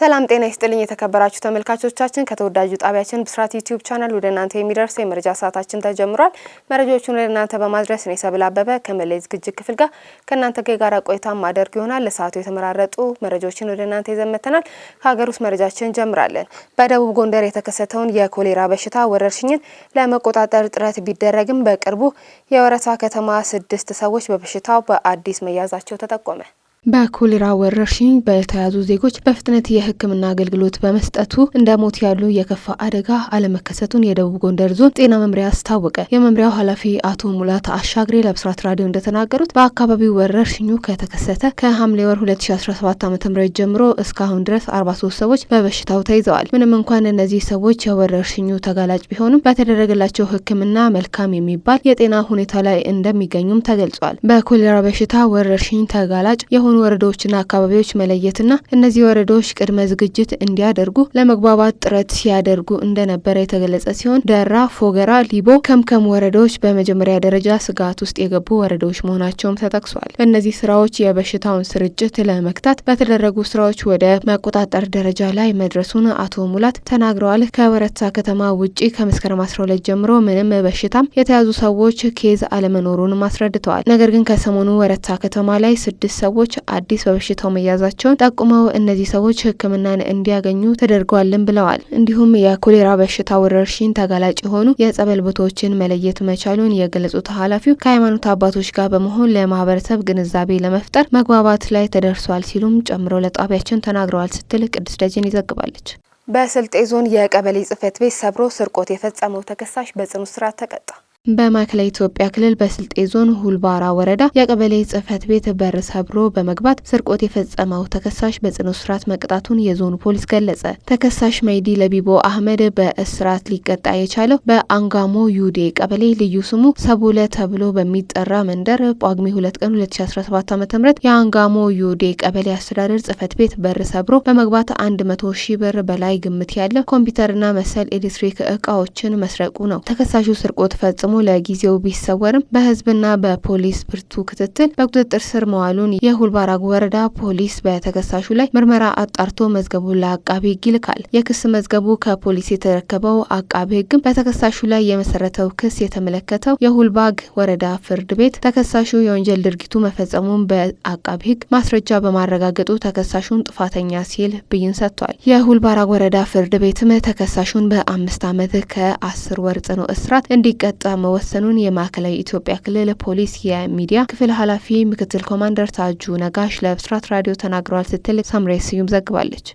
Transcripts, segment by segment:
ሰላም ጤና ይስጥልኝ የተከበራችሁ ተመልካቾቻችን፣ ከተወዳጁ ጣቢያችን ብስራት ዩቲዩብ ቻናል ወደ እናንተ የሚደርሰው የመረጃ ሰዓታችን ተጀምሯል። መረጃዎቹን ወደ እናንተ በማድረስ እኔ ሰብል አበበ ከመለይ ዝግጅት ክፍል ጋር ከእናንተ ጋር ቆይታ ማደርግ ይሆናል። ለሰዓቱ የተመራረጡ መረጃዎችን ወደ እናንተ ይዘመተናል። ከሀገር ውስጥ መረጃችን ጀምራለን። በደቡብ ጎንደር የተከሰተውን የኮሌራ በሽታ ወረርሽኝን ለመቆጣጠር ጥረት ቢደረግም በቅርቡ የወረታ ከተማ ስድስት ሰዎች በበሽታው በአዲስ መያዛቸው ተጠቆመ። በኮሌራ ወረርሽኝ በተያዙ ዜጎች በፍጥነት የሕክምና አገልግሎት በመስጠቱ እንደ ሞት ያሉ የከፋ አደጋ አለመከሰቱን የደቡብ ጎንደር ዞን ጤና መምሪያ አስታወቀ። የመምሪያው ኃላፊ አቶ ሙላት አሻግሬ ለብስራት ራዲዮ እንደተናገሩት በአካባቢው ወረርሽኙ ከተከሰተ ከሐምሌ ወር 2017 ዓ ም ጀምሮ እስካሁን ድረስ 43 ሰዎች በበሽታው ተይዘዋል። ምንም እንኳን እነዚህ ሰዎች የወረርሽኙ ተጋላጭ ቢሆኑም በተደረገላቸው ሕክምና መልካም የሚባል የጤና ሁኔታ ላይ እንደሚገኙም ተገልጿል። በኮሌራ በሽታ ወረርሽኝ ተጋላጭ የሆኑ የሚሆኑ ወረዳዎችና አካባቢዎች መለየትና እነዚህ ወረዳዎች ቅድመ ዝግጅት እንዲያደርጉ ለመግባባት ጥረት ሲያደርጉ እንደነበረ የተገለጸ ሲሆን ደራ፣ ፎገራ፣ ሊቦ፣ ከምከም ወረዳዎች በመጀመሪያ ደረጃ ስጋት ውስጥ የገቡ ወረዳዎች መሆናቸውም ተጠቅሷል። በእነዚህ ስራዎች የበሽታውን ስርጭት ለመክታት በተደረጉ ስራዎች ወደ መቆጣጠር ደረጃ ላይ መድረሱን አቶ ሙላት ተናግረዋል። ከወረታ ከተማ ውጪ ከመስከረም 12 ጀምሮ ምንም በሽታም የተያዙ ሰዎች ኬዝ አለመኖሩንም አስረድተዋል። ነገር ግን ከሰሞኑ ወረታ ከተማ ላይ ስድስት ሰዎች አዲስ በበሽታው መያዛቸውን ጠቁመው እነዚህ ሰዎች ሕክምናን እንዲያገኙ ተደርገዋልን ብለዋል። እንዲሁም የኮሌራ በሽታ ወረርሽኝ ተጋላጭ የሆኑ የጸበል ቦታዎችን መለየት መቻሉን የገለጹት ኃላፊው ከሃይማኖት አባቶች ጋር በመሆን ለማህበረሰብ ግንዛቤ ለመፍጠር መግባባት ላይ ተደርሷል ሲሉም ጨምሮ ለጣቢያችን ተናግረዋል ስትል ቅድስት ደጀን ይዘግባለች። በስልጤ ዞን የቀበሌ ጽህፈት ቤት ሰብሮ ስርቆት የፈጸመው ተከሳሽ በጽኑ እስራት ተቀጣ። በማዕከላዊ ኢትዮጵያ ክልል በስልጤ ዞን ሁልባራ ወረዳ የቀበሌ ጽህፈት ቤት በር ሰብሮ በመግባት ስርቆት የፈጸመው ተከሳሽ በጽኑ እስራት መቅጣቱን የዞኑ ፖሊስ ገለጸ። ተከሳሽ መይዲ ለቢቦ አህመድ በእስራት ሊቀጣ የቻለው በአንጋሞ ዩዴ ቀበሌ ልዩ ስሙ ሰቡለ ተብሎ በሚጠራ መንደር ጳጉሜ 2 ቀን 2017 ዓ ም የአንጋሞ ዩዴ ቀበሌ አስተዳደር ጽህፈት ቤት በር ሰብሮ በመግባት 100 ሺህ ብር በላይ ግምት ያለው ኮምፒውተርና መሰል ኤሌክትሪክ እቃዎችን መስረቁ ነው። ተከሳሹ ስርቆት ፈጽሞ ተቋሙ ለጊዜው ቢሰወርም በህዝብና በፖሊስ ብርቱ ክትትል በቁጥጥር ስር መዋሉን የሁልባራግ ወረዳ ፖሊስ በተከሳሹ ላይ ምርመራ አጣርቶ መዝገቡን ለአቃቢ ህግ ይልካል። የክስ መዝገቡ ከፖሊስ የተረከበው አቃቢ ህግም በተከሳሹ ላይ የመሰረተው ክስ የተመለከተው የሁልባግ ወረዳ ፍርድ ቤት ተከሳሹ የወንጀል ድርጊቱ መፈጸሙን በአቃቢ ህግ ማስረጃ በማረጋገጡ ተከሳሹን ጥፋተኛ ሲል ብይን ሰጥቷል። የሁልባራግ ወረዳ ፍርድ ቤትም ተከሳሹን በአምስት ዓመት ከአስር ወር ጽኑ እስራት እንዲቀጣ መወሰኑን የማዕከላዊ ኢትዮጵያ ክልል ፖሊስ የሚዲያ ክፍል ኃላፊ ምክትል ኮማንደር ታጁ ነጋሽ ለብስራት ራዲዮ ተናግረዋል ስትል ሳምሬ ስዩም ዘግባለች።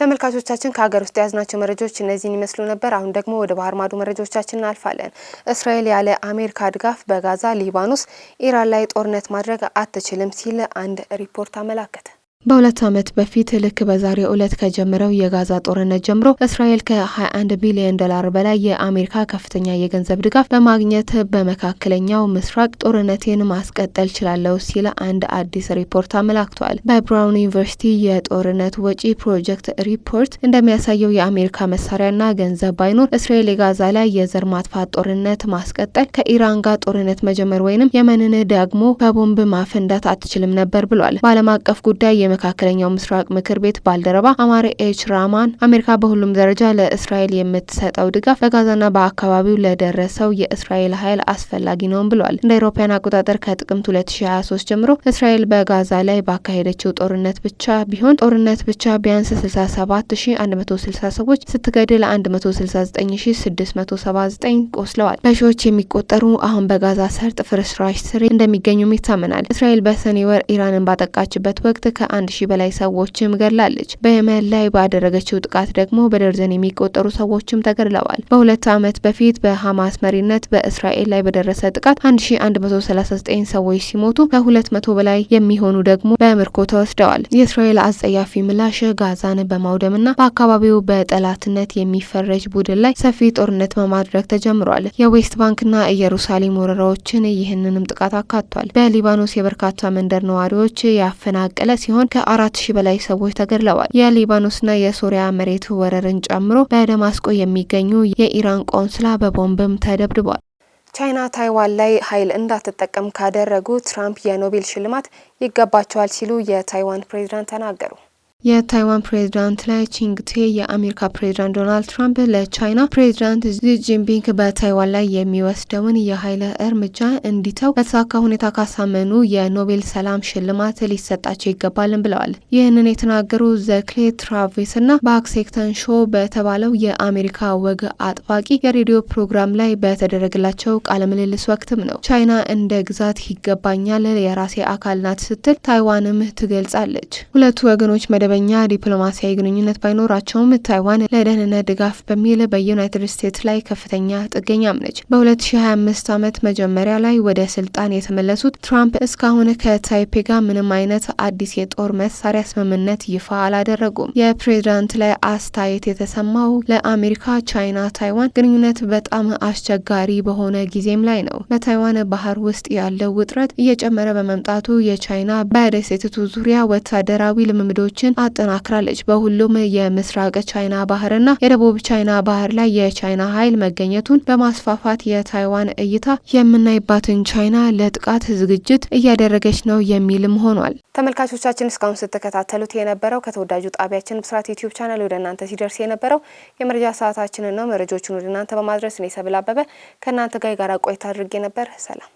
ተመልካቾቻችን ከሀገር ውስጥ የያዝናቸው መረጃዎች እነዚህን ይመስሉ ነበር። አሁን ደግሞ ወደ ባህር ማዶ መረጃዎቻችን እናልፋለን። እስራኤል ያለ አሜሪካ ድጋፍ በጋዛ ሊባኖስ፣ ኢራን ላይ ጦርነት ማድረግ አትችልም ሲል አንድ ሪፖርት አመላከተ። በሁለት ዓመት በፊት ልክ በዛሬው ዕለት ከጀመረው የጋዛ ጦርነት ጀምሮ እስራኤል ከ21 ቢሊዮን ዶላር በላይ የአሜሪካ ከፍተኛ የገንዘብ ድጋፍ በማግኘት በመካከለኛው ምስራቅ ጦርነቴን ማስቀጠል ችላለሁ ሲል አንድ አዲስ ሪፖርት አመላክቷል። በብራውን ዩኒቨርሲቲ የጦርነት ወጪ ፕሮጀክት ሪፖርት እንደሚያሳየው የአሜሪካ መሳሪያና ገንዘብ ባይኖር እስራኤል የጋዛ ላይ የዘር ማጥፋት ጦርነት ማስቀጠል፣ ከኢራን ጋር ጦርነት መጀመር ወይንም የመንን ደግሞ በቦምብ ማፈንዳት አትችልም ነበር ብሏል። በዓለም አቀፍ ጉዳይ የመካከለኛው ምስራቅ ምክር ቤት ባልደረባ አማሪ ኤች ራማን አሜሪካ በሁሉም ደረጃ ለእስራኤል የምትሰጠው ድጋፍ በጋዛና በአካባቢው ለደረሰው የእስራኤል ኃይል አስፈላጊ ነውም ብሏል። እንደ አውሮፓውያን አቆጣጠር ከጥቅምት 2023 ጀምሮ እስራኤል በጋዛ ላይ ባካሄደችው ጦርነት ብቻ ቢሆን ጦርነት ብቻ ቢያንስ 67160 ሰዎች ስትገድል 169679 ቆስለዋል። በሺዎች የሚቆጠሩ አሁን በጋዛ ሰርጥ ፍርስራሽ ስር እንደሚገኙም ይታመናል። እስራኤል በሰኔ ወር ኢራንን ባጠቃችበት ወቅት ከአንድ ከአንድ ሺህ በላይ ሰዎችም ገድላለች። በየመን ላይ ባደረገችው ጥቃት ደግሞ በደርዘን የሚቆጠሩ ሰዎችም ተገድለዋል። በሁለት ዓመት በፊት በሐማስ መሪነት በእስራኤል ላይ በደረሰ ጥቃት 1139 ሰዎች ሲሞቱ ከ200 በላይ የሚሆኑ ደግሞ በምርኮ ተወስደዋል። የእስራኤል አጸያፊ ምላሽ ጋዛን በማውደምና በአካባቢው በጠላትነት የሚፈረጅ ቡድን ላይ ሰፊ ጦርነት በማድረግ ተጀምሯል። የዌስት ባንክና ኢየሩሳሌም ወረራዎችን ይህንንም ጥቃት አካቷል። በሊባኖስ የበርካታ መንደር ነዋሪዎች ያፈናቀለ ሲሆን ሲሆን ከአራት ሺህ በላይ ሰዎች ተገድለዋል። የሊባኖስና የሶሪያ መሬት ወረርን ጨምሮ በደማስቆ የሚገኙ የኢራን ቆንስላ በቦምብም ተደብድቧል። ቻይና ታይዋን ላይ ኃይል እንዳትጠቀም ካደረጉ ትራምፕ የኖቤል ሽልማት ይገባቸዋል ሲሉ የታይዋን ፕሬዚዳንት ተናገሩ። የታይዋን ፕሬዚዳንት ላይ ቺንግቴ የአሜሪካ ፕሬዚዳንት ዶናልድ ትራምፕ ለቻይና ፕሬዚዳንት ጂንፒንግ በታይዋን ላይ የሚወስደውን የኃይል እርምጃ እንዲተው በተሳካ ሁኔታ ካሳመኑ የኖቤል ሰላም ሽልማት ሊሰጣቸው ይገባልን ብለዋል። ይህንን የተናገሩ ዘክሌ ትራቪስ ና በአክሴክተን ሾ በተባለው የአሜሪካ ወግ አጥባቂ የሬዲዮ ፕሮግራም ላይ በተደረገላቸው ቃለ ምልልስ ወቅትም ነው። ቻይና እንደ ግዛት ይገባኛል የራሴ አካል ናት ስትል ታይዋንም ትገልጻለች። ሁለቱ ወገኖች መደበ መደበኛ ዲፕሎማሲያዊ ግንኙነት ባይኖራቸውም ታይዋን ለደህንነት ድጋፍ በሚል በዩናይትድ ስቴትስ ላይ ከፍተኛ ጥገኛም ነች። በ2025 ዓመት መጀመሪያ ላይ ወደ ስልጣን የተመለሱት ትራምፕ እስካሁን ከታይፔ ጋር ምንም አይነት አዲስ የጦር መሳሪያ ስምምነት ይፋ አላደረጉም። የፕሬዝዳንት ላይ አስተያየት የተሰማው ለአሜሪካ፣ ቻይና፣ ታይዋን ግንኙነት በጣም አስቸጋሪ በሆነ ጊዜም ላይ ነው። በታይዋን ባህር ውስጥ ያለው ውጥረት እየጨመረ በመምጣቱ የቻይና በደሴቲቱ ዙሪያ ወታደራዊ ልምምዶችን አጠናክራለች። በሁሉም የምስራቅ ቻይና ባህርና የደቡብ ቻይና ባህር ላይ የቻይና ኃይል መገኘቱን በማስፋፋት የታይዋን እይታ የምናይባትን ቻይና ለጥቃት ዝግጅት እያደረገች ነው የሚልም ሆኗል። ተመልካቾቻችን እስካሁን ስትከታተሉት የነበረው ከተወዳጁ ጣቢያችን ብስራት ዩቲዩብ ቻናል ወደ እናንተ ሲደርስ የነበረው የመረጃ ሰዓታችንን ነው። መረጃዎቹን ወደ እናንተ በማድረስ እኔ ሰብል አበበ ከእናንተ ጋር የጋራ ቆይታ አድርጌ ነበር። ሰላም